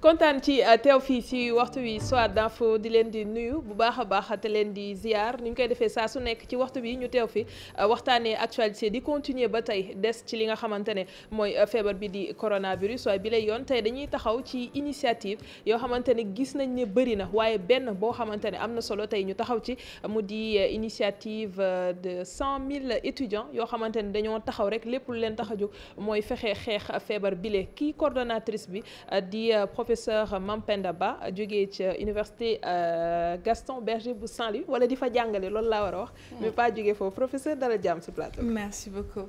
kontaan ci euh, teew fii ci waxtu wi soit d'info di leen di nuyu bu baax a baax te leen di ziar ni ñu koy defee saa su nekk ci waxtu bi ñu teew fi euh, waxtaanee actualité di continuer ba tey des ci li nga xamante ne mooy euh, feebar bi di coronavirus waaye bi lay yoon tey dañuy taxaw ci initiative yoo xamante ne gis nañ ne bëri na waaye benn boo xamante ne am na solo tey ñu taxaw ci mu di initiative de cent mille étudiants yoo xamante ne dañoo taxaw rek lépp lu leen tax a jóg mooy fexe xeex feebar bile kii coordonnatrice bi di professeur Mampenda Ba jógee ca université euh, Gaston Berger bu Saint-Louis wala di fa jàngale loolu laa war a wax. Hmm. mais pas jógee foofu professeur dala jàmm si merci beaucoup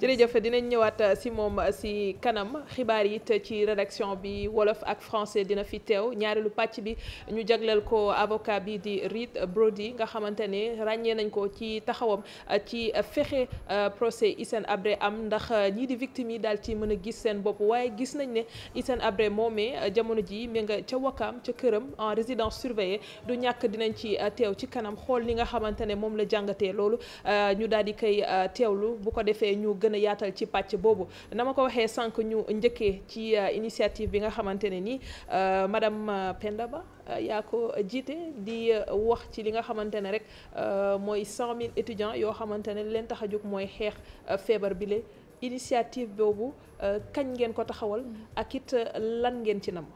jërëjëf dinañ ñëwaat euh, si moom euh, si kanam xibaar yi ci rédaction bi wolof ak français dina fi teew ñaareelu pàcc bi ñu jagleel ko avocat bi di Reed Brody nga xamante ne ràññee nañ ko ci taxawam euh, ci fexe procès Hissène Habré am ndax ñii di victime yi daal ci mën a gis seen bopp waaye gis nañ ne Hissène Habré moomee jamono ji mi nga ca Wakaam ca këram en résidence surveillée du ñàkk dinañ ci teew ci kanam xool ni nga xamante ne moom la jàngatee loolu ñu daal di koy teewlu bu ko defee ñu gën a yaatal ci pàcc boobu na ma ko waxee sànq ñu njëkkee ci euh, initiative bi nga xamante ne ni euh, madame euh, Penda Ba yaa ko jiite di wax ci li nga xamante ne rek mooy cent mille étudiants yoo xamante ne leen tax a jóg mooy xeex feebar bi la initiative boobu kañ ngeen ko taxawal ak it lan ngeen ci nam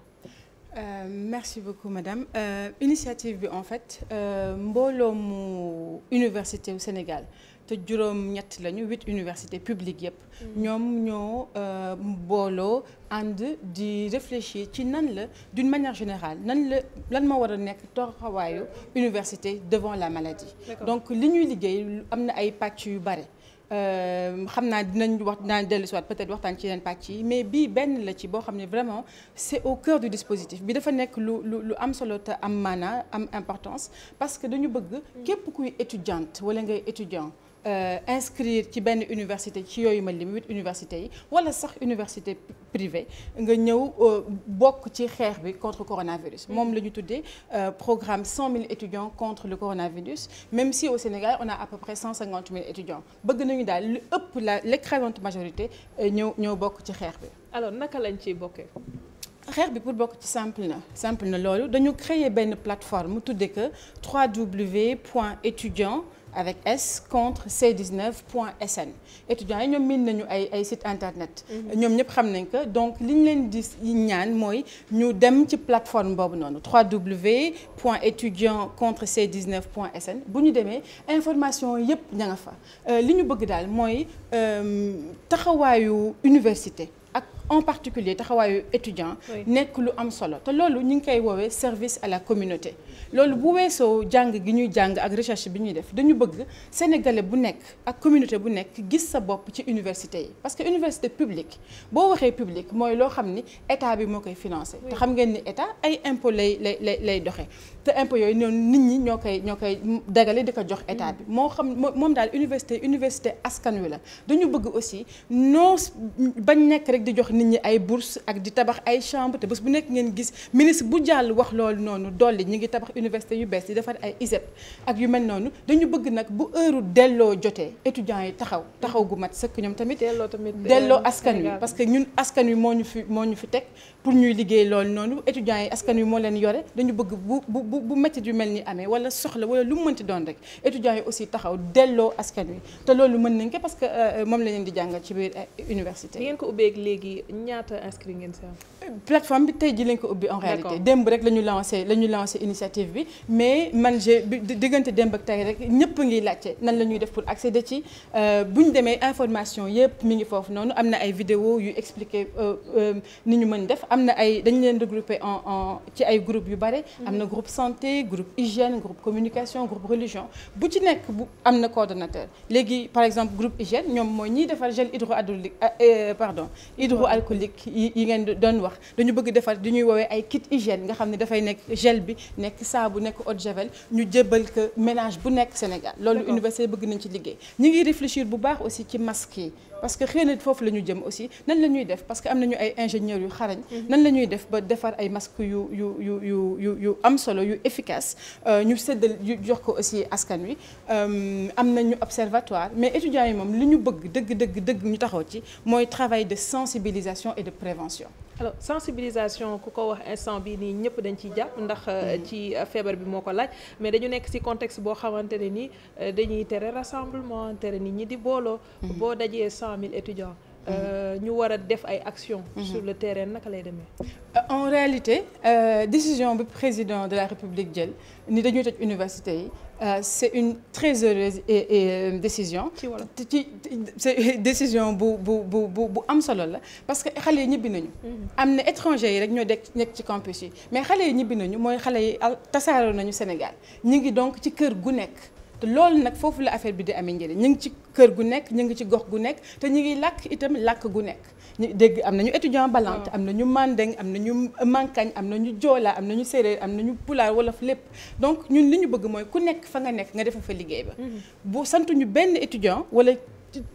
Euh, merci beaucoup madame euh, initiative bi en fait euh, mbooloo mu université Sénégal te juróom ñett lañu huit universités publiques yëpp. Mm. ñoom ñoo euh, booloo ànd di réfléchir ci nan la d'une manière générale nan la lan moo war a nekk taxawaayu université devant la maladie. donc li ñuy liggéey am na ay pàcc yu bare. Euh, xam naa dinañ wax dinañ dellusiwaat peut-être waxtaan ci yeneen pàcc yi mais bii benn la ci boo xam ne vraiment c'est au cœur du dispositif bi dafa nekk lu lu lu am solo te am maanaa am importance parce que dañu bëgg mm. képp kuy étudiante wala ngay étudiant. Euh, inscrire ci benn université ci yooyu ma lim huit universités yi wala sax université privée nga ñëw euh, bokk ci xeex bi contre coronavirus mm-hmm. moom la ñu tuddee euh, programme cent mille étudiants contre le coronavirus même si au Sénégal on a à peu près cent cinquante étudiants bëgg nañu daal lu ëpp la l'écrasante majorité ñëw ñëw bokk ci xeex bi. alors naka lañ ci bokkee. xeex bi pour bokk ci simple na na loolu dañu créer benn plateforme mu tuddee que 3w point étudiants. avec S contre C19.sn étudiants yi ñoom miin nañu ay ay site internet. Mhm. ñoom ñëpp xam nañ ko donc li ñu leen di ñaan mooy ñu dem ci plateforme boobu noonu www.étudiants-contre-c19.sn bu ñu demee information yëpp ña nga fa euh, li ñu bëgg daal mooy euh, taxawaayu université. en particulier taxawaayu étudiant nekk lu am solo te loolu ñu ngi koy woowee service à la communauté loolu bu weesoo jàng gi ñuy jàng ak recherche bi ñuy def dañu bëgg sénégalais bu nekk ak communauté bu nekk gis sa bopp ci université yi parce que université publique boo waxee publique mooy loo xam ni état bi moo koy financé te xam ngeen ni état ay impôt lay lay lay lay doxee te impôt yooyu noonu nit ñi ñoo koy ñoo koy dagale di ko jox état bi mm. moo xam moom daal université université askan wi la dañu bëgg aussi non bañ nekk rek di jox nit ñi ay bourse ak di tabax ay chambre te bu nekk ngeen gis ministre bu jàll wax loolu noonu dolli ñi ngi tabax université yu bees di defar ay ISEP ak yu mel noonu dañu bëgg nag bu heure delloo jotee étudiants yi taxaw taxaw gu mat sëkk ñoom tamit delloo euh, askan wi parce que ñun askan wi moo ñu fi moo ñu fi teg pour ñuy liggéey loolu noonu étudiants yi askan wi moo leen yore dañu bëgg bu bu bu métit yu mel ni amee wala soxla wala lu mu mënti doon rek étudiants yi aussi taxaw delloo askan wi te loolu mën nañ ko parce que euh, euh, moom la leen di jàngal ci biir université ngeen ko ubbeeg léegi ñaata inscrit ngeen si am. plateforme bi tey ji lañ ko ubbi en réalité. démb rek la ñu lancé la ñu lancé initiative bi mais man j'ai diggante démb ak tey rek ñëpp ngi laajte nan la ñuy def pour accéder ci euh, bu ñu demee information yëpp mi ngi foofu noonu am na ay vidéo yu expliqué euh, euh, ni ñu mën def am na ay dañu leen regroupé en en ci ay groupes yu bare. am na groupe santé groupe hygiène groupe communication groupe religion bu ci nekk bu am na coordonnateur léegi par exemple groupe hygiène ñoom mooy ñiy defar gel hydroalcoolique pardon hydro alcoolique yi ngeen doon wax dañu bëgg defar di ñuy woowee ay kit hygiène nga xam ne dafay nekk gel bi nekk saabu nekk eau de javel ñu jébal ko ménage bu nekk Sénégal loolu université bëgg nañ ci liggéey ñu ngi réfléchir bu baax aussi ci masque yi parce que xëy na foofu la ñu jëm aussi nan la ñuy def parce que am nañu ay ingénieurs yu xarañ nan la ñuy def ba defar ay masques yu yu yu yu yu yu am solo yu efficace euh, ñu séddal yu jox ko aussi askan wi euh, am nañu observatoire mais étudiants yi moom li ñu bëgg dëgg dëgg ñu taxaw ci mooy travail de sensibilisation et de prévention sensibilisation ku ko wax instant bi nii ñëpp dañ ciy jàpp ndax euh, mhm. ci euh, feebar bi moo ko laaj mais dañu nekk ci contexte boo xamante ne ni euh, dañuy tere rassemblement tere nit ñi di booloo mhm. boo dajee cent mille étudiants Euh, ñu war a def ay actions. Mhm. sur le terrain naka lay demee. Euh, en réalité euh, décision bi président de la République jël ni dañuy toj université yi euh, c'est une très heureuse et, et euh, décision. ci wàllu ci c'est décision bu bu bu bu am solo la parce que xale yi ñibbi nañu. Mhm. am na étrangers yi rek ñoo dekk nekk ci campus yi mais xale yi ñibbi nañu mooy xale yi tasaaroo nañu Sénégal ñu ngi donc ci kër gu nekk. te loolu nag foofu la affaire bi di amee njëriñ ñu ngi ci kër gu nekk ñu ngi ci gox gu nekk te ñu ngi làkk itam làkk gu nekk ñu dégg am nañu étudiant balante am na ñu mandeng am na ñu mankañ am na ñu joola am na ñu séeréer am nañu pulaar wolof lépp donc ñun li ñu bëgg mooy ku nekk fa nga nekk nga defa fa liggéey ba mhm. bu sant ñu benn étudiant wala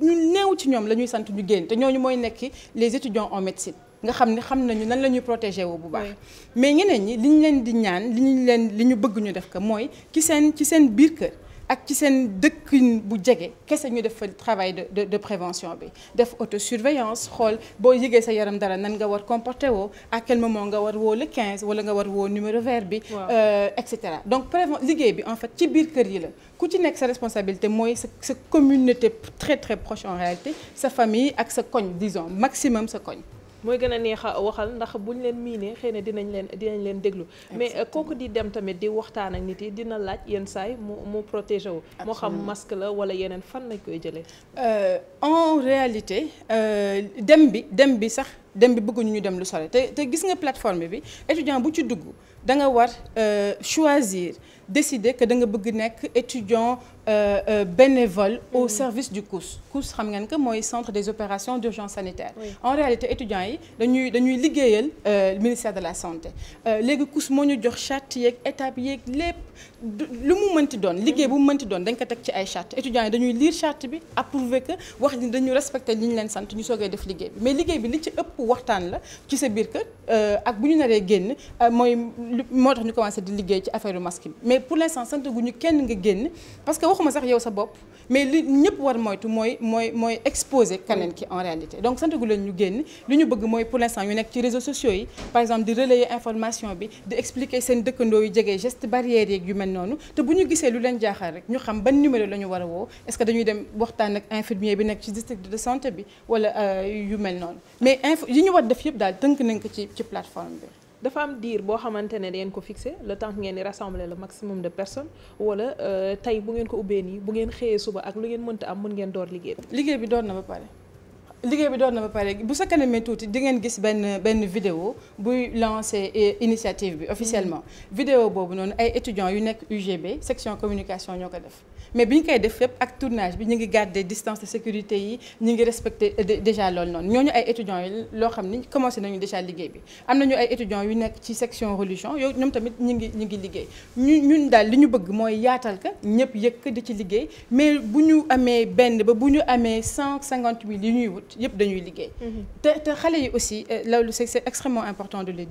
ñu néew ci ñoom la ñuy sant ñu génn te ñooñu mooy nekk les étudiants en médecine nga xam ne xam nañu nan la ñuy protéger woo bu baax mais ñeneen ñi li ñu leen di ñaan li ñu leen li ñu bëgg ñu def ko mooy ci seen ci seen biir kër ak ci seen dëkkin bu jege kese ñu def fa travail de de prévention bi def autosurveillance xool boo yëgee sa yaram dara nan nga war comporté woo à quel moment nga war woo le 15 wala nga war woo numéro vert bi. Euh, et cetera donc préven liggéey bi en fait ci biir kër yi la ku ci nekk sa responsabilité mooy sa sa communauté très très proche en réalité sa famille ak sa koñ disons maximum sa koñ. mooy gën a neex a waxal ndax bu ñu leen miinee xëy na dinañ leen dinañ leen déglu mais euh, kooku di dem tamit di waxtaan ak nit yi dina laaj yenn saay mu mu protéger wu moo xam masque la wala yeneen fan lañ koy jëlee euh, en réalité euh, dem bi dem bi sax dem bi bëgguñu ñu dem lu sore te te gis nga plateforme bi étudiant bu ci dugg danga nga war choisir décider que da nga bëgg nekk étudiant euh, euh, bénévole au mm-hmm. service du COUS. COUS xam ngeen que mooy centre des opérations d'urgence sanitaire. en réalité étudiants yi dañuy dañuy liggéeyal euh, ministère de la santé léegi COUS moo ñu jox charte yeeg étape yeeg lépp lu mu mënti doon liggéey bu mu mënti doon dañ ko teg ci ay charte étudiants yi dañuy lire charte bi approuver que wax ni dañu respecter li ñu leen sant ñu soogee def liggéey bi mais liggéey bi li ci ëpp waxtaan la ci sa biir kër ak bu ñu naree génn mooy moo tax ñu commencé di liggéey ci affaire masque bi mais pour l'instant sant gu ñu kenn nga génn parce que waxuma sax yow sa bopp mais li ñëpp war moytu mooy mooy mooy exposer keneen ki en réalité donc sant gu leen ñu génn li ñu bëgg mooy pour l'instant ñu nekk ci réseaux sociaux yi par exemple di relayer information bi di expliquer seen dëkkandoo yu jege geste barrière yeeg yu mel noonu te bu ñu gisee lu leen jaaxal rek ñu xam ban numéro lañu war a woo est-ce que dañuy dem waxtaan ak infirmier bi nekk ci district de santé bi wala euh, yu mel noonu mais info yi ñu war def yëpp daal tënk nañ ko ci ci plateforme dafa am diir boo xamante ne dangeen ko fixé le temps ngeen di rassembler le maximum de personne wala euh, tey bu ngeen ko ubbee nii bu ngeen xëyee suba ak lu ngeen mënta am mun ngeen door liggéey bi. liggéey bi door na ba pare. liggéey bi doon na ba pare bu sa kanamee tuuti di ngeen gis benn benn vidéo buy lancer euh, initiative bi officiellement mm. vidéo boobu noonu ay étudiants yu nekk UGB section communication ñoo ko def mais bi ñu koy def yëpp ak tournage bi ñu ngi garder distance de sécurité yi ñu ngi respecté déjà lool noonu ñooñu ay étudiants yi loo xam ni commencé nañu déjà liggéey bi am nañu ay étudiants yu nekk ci section religion yooyu ñoom tamit ñu ngi ñu ngi liggéey ñu ñun daal li ñu bëgg mooy yaatal ka ñëpp yëkk di ci liggéey mais bu ñu amee benn ba bu ñu amee cent cinquante mille yi ñuy wut yëpp dañuy liggéey mm-hmm. te te xale yi aussi euh, loolu c'est c'est extrêmement important de le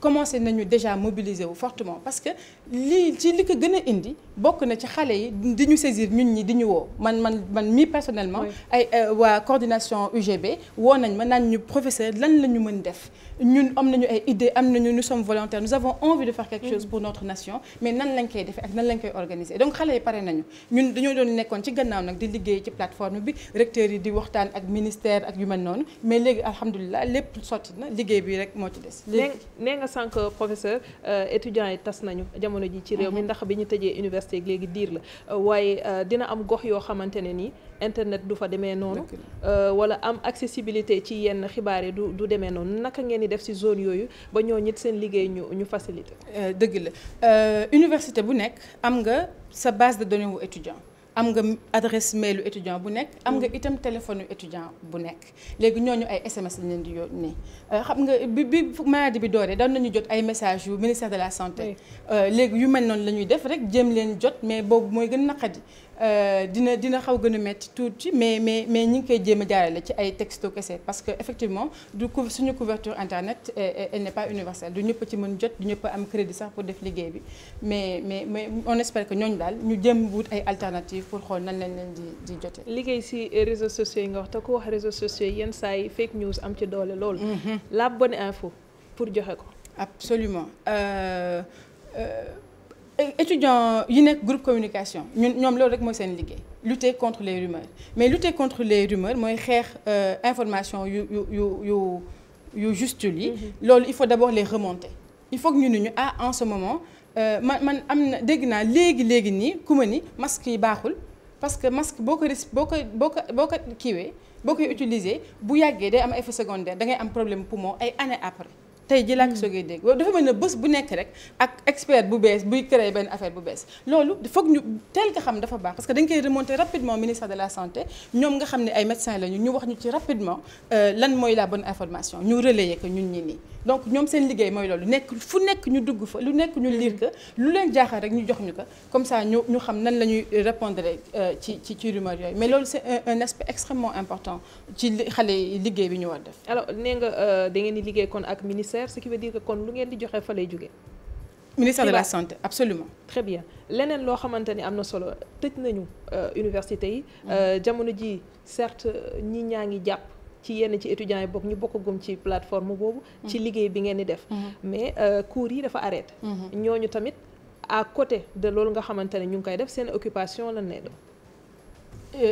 commencé nañu déjà mobiliser wu fortement parce que lii ci li ko gën a indi bokk na ci xale yi di ñu saisir ñun ñi di ñu woo man man man mi personnellement ay euh, waa coordination UGB woo nañ ma naan ñu professeur lan la ñu mën def ñun am nañu ay idée am nañu nous sommes volontaires nous avons envie de faire quelque chose mm. pour notre nation mais nan lañ koy defee ak nan lañ koy organiser donc xale yi pare nañu ñun dañoo doon nekkoon ci gannaaw nag di liggéey ci plateforme bi recteurs yi di waxtaan ak ministère ak yu mel noonu mais léegi alhamdulilah lépp sotti na liggéey bi rek moo ci des léegi nee nga sànq professeur euh, étudiants yi tas nañu jamono ji ci réew mi mhm. ndax bi ñu tëjee université léegi diir la euh, waaye euh, dina am gox yoo xamante ne ni internet du fa demee noonu. Euh, wala am accessibilité ci yenn xibaar yi du du demee noonu naka ngeen di def si zone yooyu ba ñoo ñit seen liggéey ñu ñu facilité. Euh, dëgg la université bu nekk am nga sa base de données wu am nga adresse mailu étudiant bu nekk am nga itam téléphone étudiant bu nekk léegi ñooñu ay SMS lañ leen di yónnee euh, xam nga bi bi maladie bi dooree daan nañu jot ay message yu ministère de la santé euh, léegi yu mel noonu la ñuy def rek jéem leen jot mais boobu mooy gën naqadi Euh, dina dina xaw gën a métti tuuti mais mais mais ñi ngi koy jéem a jaarale ci ay texto kese parce que effectivement du coup suñu couverture internet elle n'est pas universelle du ñëpp ci mën jot ñëpp am crédit sax pour def liggéey bi mais mais mais on espère que ñooñu daal ñu jëm wut ay alternatives pour xool nan lañ leen di di jotee. liggéey si réseaux sociaux yi nga wax te ko wax réseaux sociaux yi yenn saa yi fake news am ci doole loolu. Mhm. la bonne info pour joxe ko. absolument euh, euh étudiants yi nekk groupe communication ñun ñoom loolu rek mooy seen liggéey lutter contre les rumeurs mais lutter contre les rumeurs mooy xeex euh, information yu yu yu yu yu justul yi mm-hmm. loolu il faut d'abord les remonter il faut que ñu ne ñu ah en ce moment euh, man man am na dégg naa léegi léegi nii ku ma ni masque yi baaxul parce que masque boo ko risque boo koy boo ko boo ko kiiwee boo koy utiliser bu yàggee day am effet secondaire da ngay am problème poumon ay années après tey ji laa ko soogee hmm. dégg dafa mel ne bés bu nekk rek ak expert bu bees buy créer benn affaire bu bees loolu foog ñu teel nga xam dafa baax parce que dañ koy remonter rapidement ministère de la santé ñoom nga xam ne ay médecins lañu ñu wax ñu ci rapidement euh, lan mooy la bonne information ñu relayer ko ñun ñi nii donc ñoom seen liggéey mooy loolu nekk fu nekk ñu dugg fa lu nekk ñu liir mm. ko lu leen jaaxal rek ñu jox ñu ko comme ça ñu ñu xam nan la ñuy répondre euh, ci ci ci rumeur yooyu mais loolu c'est un aspect extrêmement important ci xale yi liggéey bi ñu war def. alors nee nga euh, da ngeen di liggéey kon ak ministère ce qui veut dire kon lu ngeen di joxe fa lay jóge ministère de la santé absolument très bien leneen loo xamante ni am na solo tëj nañu euh, université yi. Mm. jamono ji certes ñi ñaa ngi jàpp. ci yenn ci étudiants yi bokk ñu bokkagum ci plateforme boobu ci mm-hmm. liggéey bi ngeen di def mm-hmm. mais euh, cours yi dafa arrêté mm-hmm. ñooñu tamit à côté de loolu nga xamante ne ñu ngi koy def seen occupation lan lay doon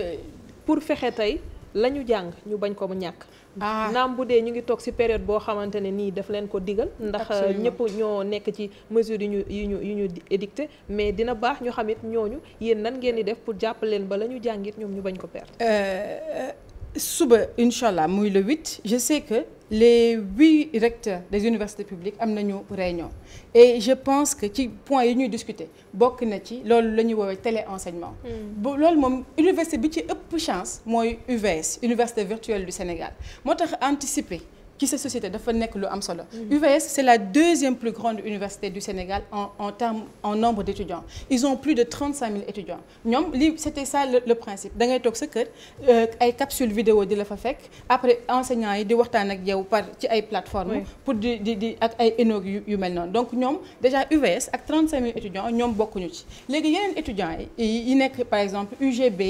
pour fexe tey la ñu jàng ñu bañ ko mu ñàkk ah. naam bu dee ñu ngi toog ci période boo xamante ne nii daf leen ko digal ndax euh, ñëpp ñoo nekk ci mesure yu ñu yu ñu yu ñu édicté mais dina baax ñu xam it ñooñu yéen nan ngeen di def pour jàpp leen ba la ñu jàngit ñoom ñu bañ ko perdre euh, suba incha allah muy le 8 je sais que les huit recteurs des universités publiques am nañu réunion et je pense que ci point yi ñuy discuter bokk na ci loolu la ñuy woowee téléenseignement. Hmm. bu loolu moom université bi ci ëpp chance mooy UVS université virtuelle du Sénégal moo tax anticiper. ci sa société dafa nekk lu am solo. Mm-hmm. UVS c'est la deuxième plus grande université du Sénégal en en terme en nombre d'étudiants ils ont plus de trente cinq mille étudiants ñoom li c'était ça le, le principe da ngay toog sa kër euh, ay capsule vidéo di la fa fekk après enseignants yi di waxtaan ak yow par ci ay plateformes. pour di di di ak ay énog yu yu mel noonu donc ñoom déjà UVS ak trente cinq mille étudiants ñoom bokkuñu ci léegi yeneen étudiants yi yi nekk par exemple UGB.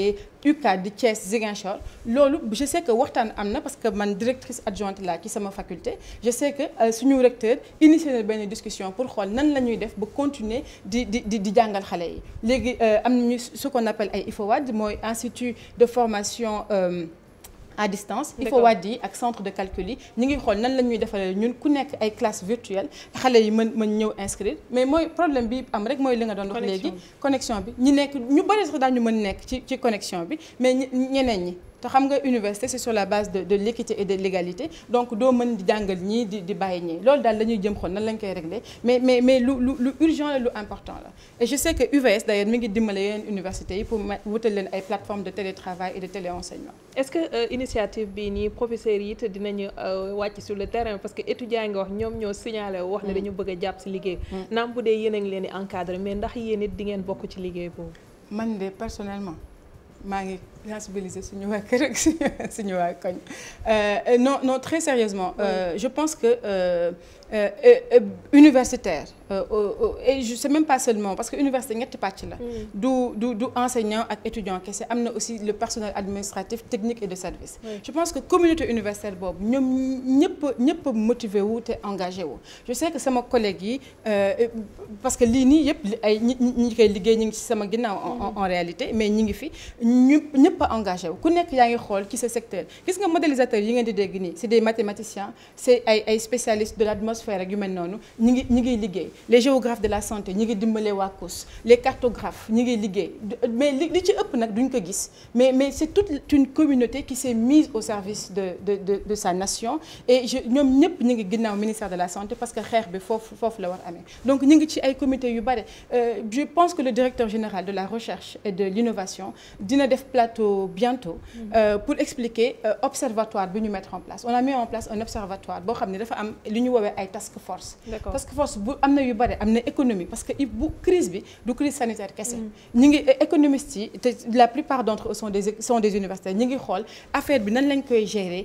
UCAD di Thiès Ziguinchor loolu je sais que waxtaan am na parce que man directrice adjointe laa ci sama faculté je sais que euh, suñu recteur initié na benn discussion pour xool nan la ñuy def ba continuer di di di jàngal xale yi léegi euh, am ñu su qu'on appelle ay IFOWAD mooy institut de formation. Euh, à distance il faut wàaj yi ak centre de calcul yi ñu ngi xool nan lañuy ñuy defalee ñun ku nekk ay classe virtuelle xale yi mën mën ñëw inscrire mais mooy problème bi am rek mooy li nga doon wax léegi connexion bi ñu nekk ñu bari sax daal ñu mën nekk ci ci connexion bi mais ñeneen ñi te xam nga université c'est sur la base de de l'équité et de l'égalité donc doo mën di jàngal ñii di di bàyyi ñii loolu daal la jëm xool nan lañ koy régler mais mais mais lu lu urgent la lu important la et je sais que UVS d'ailleurs mi ngi dimbale yeneen universités yi pour wutal leen ay plateformes de télétravail et de téléenseignement est-ce que euh, initiative bii nii professeurs yi it dinañu euh, wàcc sur le terrain parce que étudiants yi nga wax ñoom ñoo signalé wax ne mm. dañu bëgg a jàpp liggéey mm. naam bu dee yéen a ngi leen ndax yéen it di ngeen bokk ci liggéey boobu man de personnellement maa ngi sensibiliser suñu waa kër ak suñu waa koñ euh, euh, non non très sérieusement euh, je pense que euh, euh, universitaire et je sais même pas seulement parce que université ñetti pàcc la du du du enseignant ak étudiant kese am na aussi le personnel administratif technique et de service oui. je pense que communauté universitaire boobu ñoom ñëpp ñëpp motivé wu te engagé wu je sais que sama collègue yi parce que lii nii yëpp ay ñi ñi koy liggéey ñi ngi ci sama ginnaaw mm-hmm. en réalité mais ñi ngi fi ñëpp ñëpp a engagé wu ku nekk yaa ngi xool ci sa secteur gis mais li li ci ëpp nag duñ ko gis mais mais c'est toute une communauté qui s'est mise au service de sa nation et je ñoom ñëpp ñi ngi ginnaaw ministère de la santé parce que xeex bi foofu foofu la war amee donc ñi ngi ci ay comités yu bare euh, je pense que le directeur général de la recherche et de l'innovation dina def plateau plateau mm. euh, pour expliquer euh, observatoire bi ñu mettre en place on a mis en place un observatoire boo xam ne dafa am li ñu woowee ay task force task force bu am na yu bëri am na économie parce que bu crise bi du crise sanitaire kese mm. ñi ngi euh, économistes yi te la plupart d'entre eux des universitaires ñi ngi xool affaire bi nan lañ koy gérer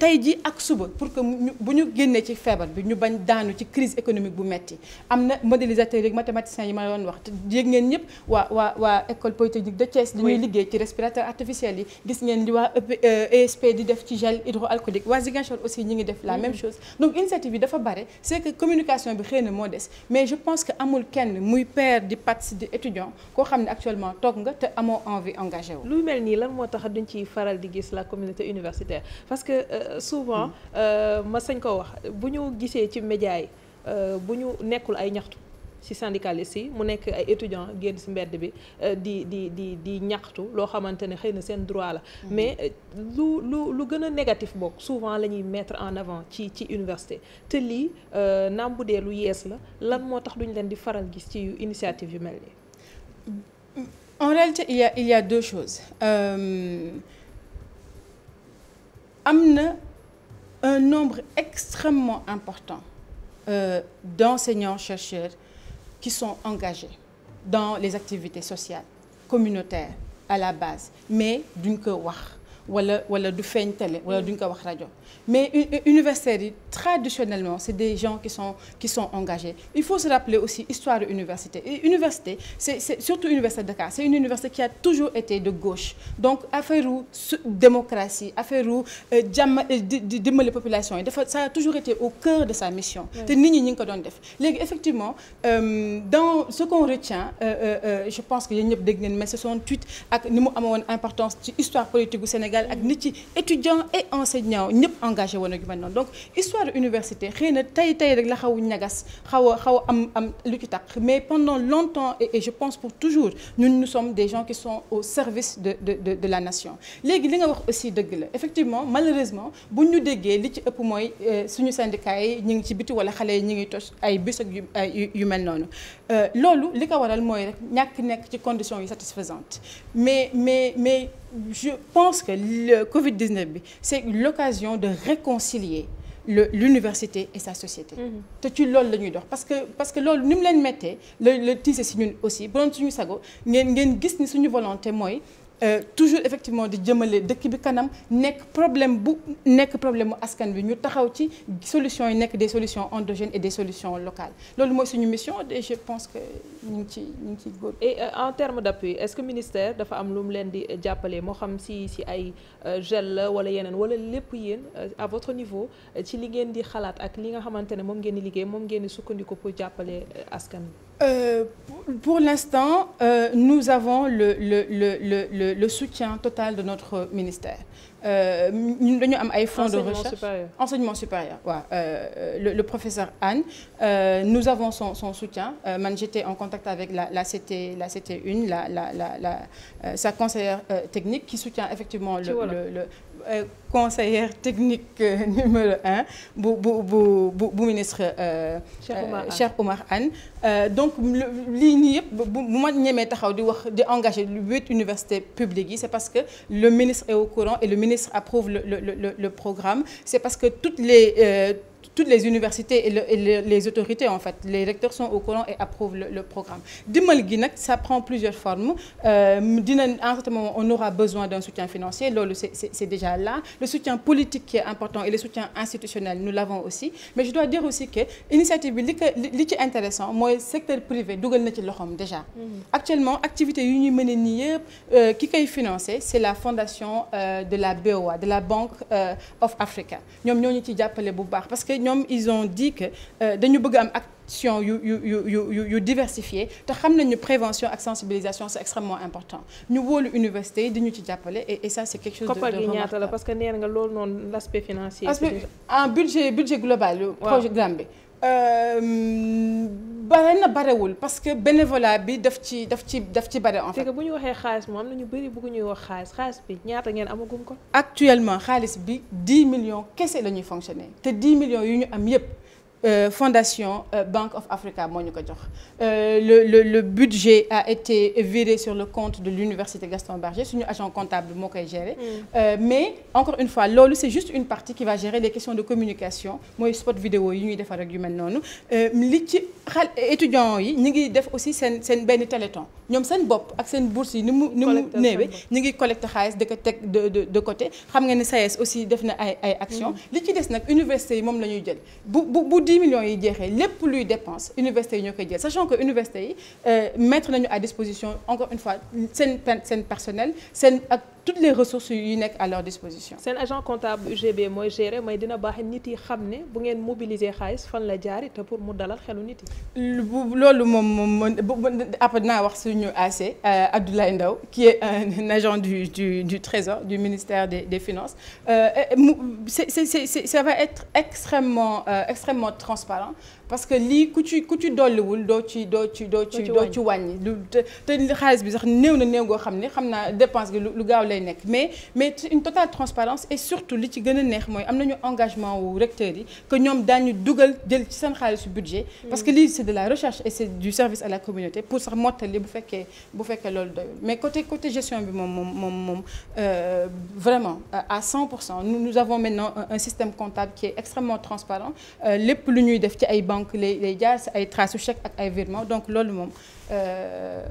tey jii ak suba pour que bu ñu génnee ci feebar bi ñu bañ daanu ci crise économique bu metti am na modélisateur yi congélateur artificiel yi gis ngeen li waa ESP euh, e di def ci gel hydroalcoolique waa Ziguinchor aussi ñi ngi def la mm-hmm. même chose donc initiative yi dafa bare c'est que communication bi xëy na moo des mais je pense que amul kenn muy père di pats di étudiant koo xam ne actuellement toog nga te amoo envie engagé wu. lu mel nii lan moo tax duñ ci faral di gis la communauté universitaire parce que euh, euh, souvent mm-hmm. ma sañ ko wax bu ñu gisee ci média yi bu ñu nekkul ay ñaxtu. ci syndicaliste yi mu nekk ay étudiants génn ci mbedd bi euh, di di di di ñaxtu loo xamante ne xëy na seen droit la. Mhm. mais euh, lu lu lu gën a négatif bokk souvent la ñuy mettre en avant ci ci université te lii euh, naam bu dee lu yees la lan moo tax duñ leen di faral gis ci initiative yu mel nii. Mm, en réalité il y a deux choses am na un nombre extrêmement important euh, d'enseignants chercheurs. qui sont engagés dans les activités sociales communautaires à la base mais duñ ko wax wala wala du feeñ télé wala du ko wax rajo mais universitaires yi traditionnellement c'est des gens qui sont qui sont engagés il faut se rappeler aussi histoire de l'université et université c'est c'est surtout université de Dakar c'est une université qui a toujours été de gauche donc affaire démocratie affaire u euh, jàmm euh, dimbali population yi dafa ça a toujours été au cœur de sa mission te nit ñi ñi ngi ko doon def léegi effectivement euh, dans ce qu'on retient euh, euh, euh je pense que yéen ñëpp dégg Sénégal ak nit ci étudiants et enseignants ñëpp engagé woon ak yu mel noonu donc histoire université xëy na tey tey rek la xaw a ñagas xaw a xaw am am lu ci tax mais pendant longtemps et je pense pour toujours ñun nous sommes des gens qui sont au service de de de, la nation léegi li nga wax aussi dëgg la effectivement malheureusement bu ñu déggee li ci ëpp mooy euh, suñu syndicat yi ñu ngi ci biti wala xale yi ñu ngi tos ay bus ak yu yu mel noonu euh, loolu li ko waral mooy rek ñàkk nekk ci conditions yi satisfaisantes mais mais je pense que le Covid-19 bi c'est l'occasion de réconcilier le l'université et sa société mm-hmm. te ci loolu la ñuy dox parce que parce que loolu ni leen mettee la la tiise si ñun aussi bu doon suñu sago ngeen ngeen gis ni suñu volonté mooy Euh, toujours effectivement di jëmale dëkk bi kanam nekk problème bu nekk problème mu askan bi ñu taxaw ci solution yi nekk des solutions endogènes et des solutions locales loolu mooy suñu mission et je pense que ñu ngi ci ñu ngi ciy góor. et euh, en terme d'appui est-ce que ministère dafa am lu mu leen di euh, jàppale moo xam si si ay gel la wala yeneen wala lépp yéen à votre niveau ci li ngeen di xalaat ak li nga xamante ne moom ngeen di liggéey moom ngeen di sukkandiku pour jàppale askan bi. Pour l'instant, euh, nous avons le, le, le, le, soutien total de notre ministère. ñun euh, dañu am ay fonds de recherche supérieur. enseignement supérieur waaw ouais. euh, le professeur Anne euh, nous avons son son soutien euh, man j'étais en contact avec la la CT la CT1 la la la la euh, sa conseillère technique qui soutient effectivement le le Euh, conseillère technique euh, numéro un bu bu bu bu ministre. Euh, Cheikh Oumar Anne donc lii nii yëpp bu ma ñemee taxaw di wax di engagé huit universités publiques yi c'est parce que le ministre est au courant et le ministre approuve le programme c'est parce que toutes les. toutes les universités et, le, et le, les autorités en fait les recteurs sont au courant et approuvent le, programme dimbal gi prend plusieurs formes euh, dina à on aura besoin d'un soutien financier loolu c'est déjà là le soutien politique qui est important et le soutien institutionnel nous l'avons aussi mais je dois dire aussi que initiative intéressant mooy secteur privé dugal na ci loxoom déjà mm-hmm. actuellement activité yu ñuy mën a nii yëpp euh, ki koy la fondation euh, de la BOA la Banque of Africa ñoom ils ont dit que euh, dañu bëgg am action yu yu yu yu yu diversifiée te xam nañu prévention ak sensibilisation c'est extrêmement important ñu wóolu université yi di ñu ci jàppale et ça c'est quelque ñaata la parce que neer nga loolu noonu l'aspect financier. aspect en budget budget global. waaw programme bi. Euh, bare na barewul parce que bénévolat bi daf ci daf ci daf ci bare en fait. bu ñu waxee xaalis moom am na ñu bëri bëgg ñuy wax xaalis xaalis bi ñaata ngeen amagum ko. actuellement xaalis bi 10 million kese la ñuy fonctionner te 10 millions yu ñu am yëpp. Euh, fondation euh, Bank of Africa moo ñu ko jox euh, le le le budget a été viré sur le compte de l'université Gaston Berger suñu agent comptable moo koy gérer. Mm. Euh, mais encore une fois loolu c'est juste une partie qui va gérer les questions de communication mooy spot vidéo yi ñuy defar ak yu mel noonu li ci xal étudiants yi ñu ngi def aussi seen seen benn téléthon ñoom seen bopp ak seen bourse yi ni mu ni mu néewee ñu ngi collecte xaalis de ko teg de xam nga ne SAES aussi def na ay ay mm. li ci des nag université yi moom la ñuy jël dix millions yi jeexee lépp luy dépense université yi ñoo koy jël sachant que université yi euh, mettre nañu à disposition encore une fois seen seen personnel seen ak toutes les ressources yu nekk à leur disposition. seen agent comptable UGB mooy gérer may dina baax nit yi xam ne bu ngeen mobiliser xaalis fan la jaari te pour mu dalal xelu nit yi. loolu moom moom après dinaa wax su suñu AC euh, Abdoulaye Ndao qui est un agent du du du trésor du ministère des des finances euh, euh, mu c' est c' est ça va être extrêmement extrêmement transparent parce que lii ku ci ku ci dolliwul doo ci doo ci doo ci doo ci wàññi lu te te xaalis bi sax néew na néew goo xam ne xam naa dépense gi lu gaaw lay nekk mais mais une totale transparence et surtout li ci gën a neex mooy am nañu engagement wu recteur yi que ñoom ñu dugal jël ci seen xaalis budget mm. parce que lii c'est de la recherche et c'est du service à la communauté pour sax mottali bu fekkee bu fekkee loolu doyul mais côté côté gestion bi moom moom moom moom euh, vraiment à 100 pour cent nous avons maintenant un système comptable qui est extrêmement transparent euh, lépp lu ñuy def ci ay banques donc lay lay jaar si ay traces su chèque ak ay virement donc loolu moom euh,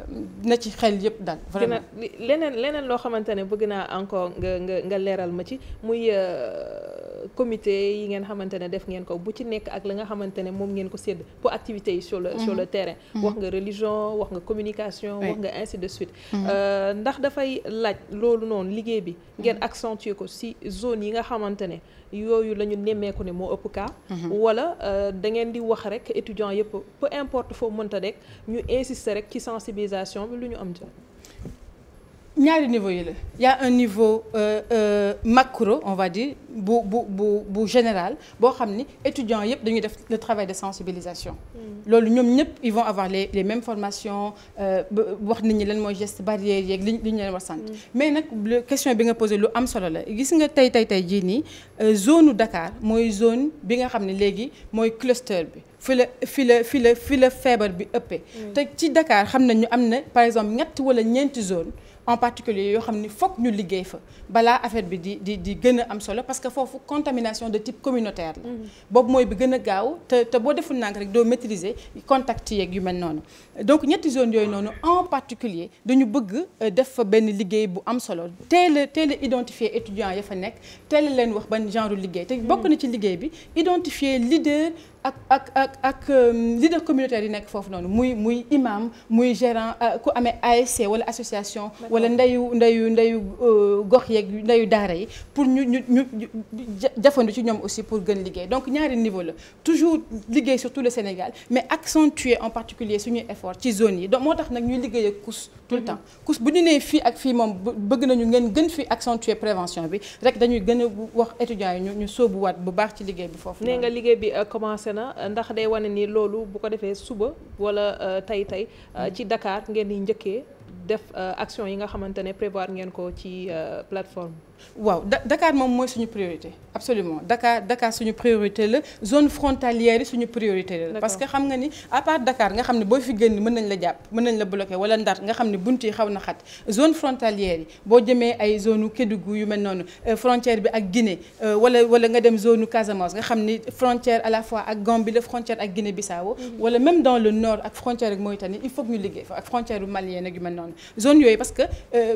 na ci xel yëpp dal vraiment leneen leneen loo xamante ne bëgg naa encore nga nga nga leeral ma ci muy euh, comité yi ngeen xamante ne def ngeen ko bu ci nekk ak la nga xamante ne moom ngeen ko sédd pour activité yi sur le le mm-hmm. terrain mm-hmm. wax nga religion wax nga communication wax nga ainsi de suite mm-hmm. euh, ndax dafay laaj loolu noonu liggéey bi ngeen accentuer ko si zone yi nga xamante yooyu la ñu nemmeeku ne moo ëpp cas mhm. wala euh, da ngeen di wax rek étudiant yëpp peu importe foo mënta rek ñu insister rek ci sensibilisation bi lu ñu am ja ñaari niveau yi la y un niveau euh, euh, macro on va dire bu bu bu général boo xam ni étudiants yëpp dañuy def le travail de sensibilisation. Mm. loolu ñoom ñëpp ils vont avoir les les mêmes formations euh, wax nit ñi lan mooy geste barrière yeeg li li ñu leen war sant. Mm. mais nag question bi nga posé lu am solo la gis nga tey tey tey jii nii euh, zone Dakar mooy zone bi nga xam ne léegi mooy cluster bi. fi la fi la fi la fi la feebar bi ëppee. Mm. te ci Dakar xam ñu am na par exemple ñett wala ñeenti zone en particulier yoo xam ni foog ñu liggéey fa balaa affaire bi di di di gën am solo parce que foofu contamination de type communautaire la. Mm-hmm. boobu mooy bi gën a gaaw te te boo deful nànk rek doo maîtriser contact yeeg yu mel noonu. donc ñetti zone yooyu noonu en particulier dañu bëgg euh, def fa benn liggéey bu am solo teel a teel a identifier ya fa nekk teel leen wax ban genre liggéey te mm-hmm. bokk na ci liggéey bi identifier leader. ak ak ak ak euh, leader communautaire yi nekk foofu noonu muy muy imam muy gérant euh, ku amee ASC wala association. wala ndeyu ndeyu ndeyu euh, gox yeeg ndeyu daara yi pour ñu ñu ñu jafandu ci ñoom aussi pour gën liggéey donc ñaari niveau la toujours liggéey sur le Sénégal mais accentuer en particulier suñu effort ci zone yi donc moo tax nag ñuy liggéey ak COUS tout le temps mm-hmm. COUS bu ñu nee fii ak fii moom bëgg nañu ngeen gën fi accentuer prévention bi rek dañuy gën a wax étudiants yi ñu ñu sóobuwaat bu baax ci liggéey bi foofu. nee nga liggéey bi euh, commencé na ndax day wane ni loolu bu ko defee suba wala euh, tey tey mm-hmm. ci Dakar ngeen di njëkkee. def euh, action yi nga xamante ne prévoir ngeen ko ci euh, plateforme waaw Dakar moom mooy suñu priorité absolument Dakar Dakar suñu priorité la zone frontalière yi suñu priorité la parce que xam nga ni à part Dakar nga xam ne boo fi génn mën nañ la jàpp mën nañ la bloqué wala Ndar nga xam ne bunt yi xaw na xat zone frontalière yi boo jëmee ay zone u Kédougou yu mel noonu euh, frontière bi ak Guinée euh, wala wala nga dem zone u nga xam ni frontière la fois ak Gambie la frontière ak Guinée Bissau mhm. wala même dans le nord ak frontière ak Mauritanie il faut que ñu liggéey fa ak frontière bu malienne ak yu que euh,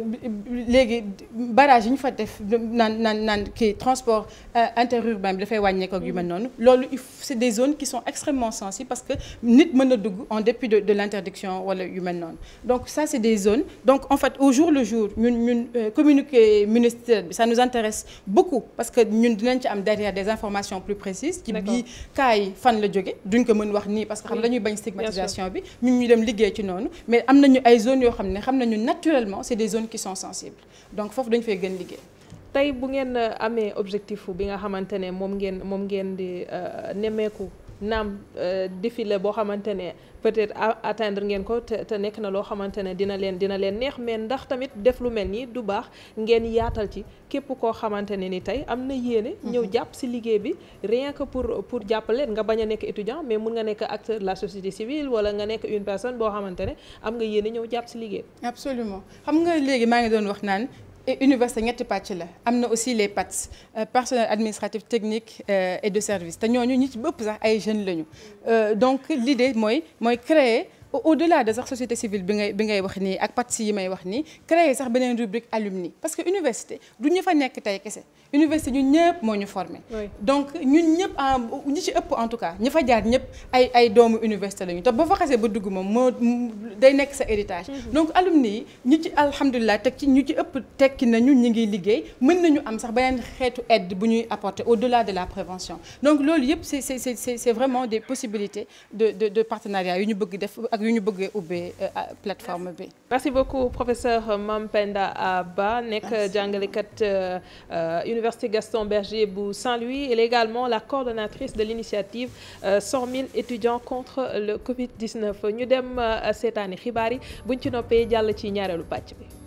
léegi barrage yi ñu def naan naan naan kii transport euh, interurbain bi dafay wàññeeku ak yu mel mm-hmm. noonu loolu il c'est des zones qui sont extrêmement sensibles parce que nit mën na dugg en dépit de de l'interdiction wala yu mel noonu donc ça c'est des zones donc en fait au jour le jour ñun ñun euh, communiqué ministère bi ça nous intéresse beaucoup parce que ñun dinañ ci am derrière des informations plus précises ci bii kaay fan la jóge duñ ko mën wax nii parce que xam dañuy bañ stigmatisation bi ñun liggéey ci noonu mais am ay zones yoo xam ne xam nañu naturellement c'est des zones qui sont sensibles donc foofu tey bu ngeen euh, amee objectif bi nga xamante ne moom ngeen moom ngeen di euh, nemmeeku naam euh, défilé boo xamante ne peut-être attendre ngeen ko te nekk na loo xamante ne dina leen dina leen neex mais ndax tamit def lu mel nii du baax ngeen yaatal ci képp koo xamante ne ni tey am na yéene. Mhm. ñëw jàpp ci liggéey bi rien que pour pour jàppaleen nga bañ a nekk étudiant mais mun nga nekk acteur la société civile wala nga nekk une personne boo xamante ne am nga yéene ñëw jàpp ci liggéey. absolument xam nga léegi maa ngi doon wax naan université ñetti pàcc la am na aussi les PATS euh, personnel administratif technique euh, et de service te ñooñu ñi ci bëpp sax ay jeunes lañu euh, donc l'idée mooy mooy créer au-delà de sax société civile bi ngay bi ngay wax nii ak parti yi may wax nii créer sax beneen rubrique alumni parce que université du ñu fa nekk tey kese université ñun ñëpp moo ñu formé donc ñun ñëpp ñi ci ëpp en tout cas ñi fa jaar ñëpp ay doomu université la te ba fa xasee ba dugg moom moo day nekk sa héritage mhm. donc alumni yi ñi ci alhamdulilah teg ci ñu ci ëpp tekki nañu ñi ngi liggéey mën nañu am sax beneen xeetu aide bu ñuy apporter au-delà de la prévention donc loolu yëpp c'est vraiment des possibilités de de de partenariat yu ñu bëgg def ak yu ñu bëggee ubbee euh, plateforme bi. merci beaucoup professeur Mampenda Ba nekk jàngalekat euh, Université Gaston Berger bu Saint-Louis elle est également la coordonnatrice de l'initiative 100 euh, 000 étudiants contre le Covid 19 ñu dem seetaani xibaar yi buñ ci noppee jàll ci ñaareelu pàcc bi.